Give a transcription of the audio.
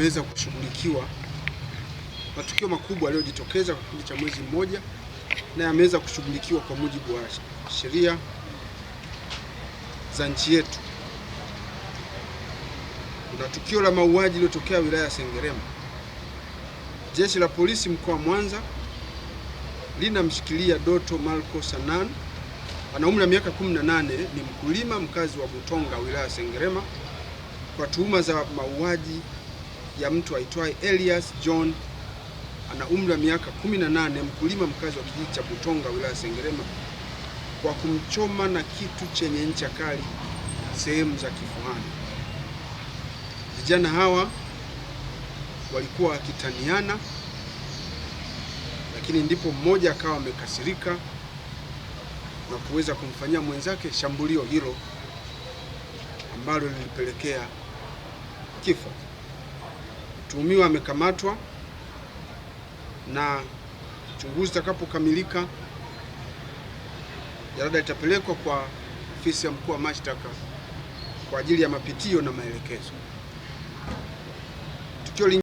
wameweza kushughulikiwa matukio makubwa yaliyojitokeza kwa kipindi cha mwezi mmoja na yameweza kushughulikiwa kwa mujibu wa sheria za nchi yetu. Kuna tukio la mauaji lililotokea wilaya ya Sengerema. Jeshi la polisi mkoa wa Mwanza linamshikilia Doto Marco Sanan, ana umri wa miaka 18, ni mkulima mkazi wa Butonga wilaya ya Sengerema kwa tuhuma za mauaji ya mtu aitwaye Elias John, ana umri wa miaka 18, mkulima mkazi wa kijiji cha Butonga, wilaya Sengerema, kwa kumchoma na kitu chenye ncha kali sehemu za kifuani. Vijana hawa walikuwa wakitaniana, lakini ndipo mmoja akawa amekasirika na kuweza kumfanyia mwenzake shambulio hilo ambalo lilipelekea kifo. Mtuhumiwa amekamatwa na uchunguzi utakapokamilika, jalada litapelekwa kwa ofisi ya mkuu wa mashtaka kwa ajili ya mapitio na maelekezo. Tukio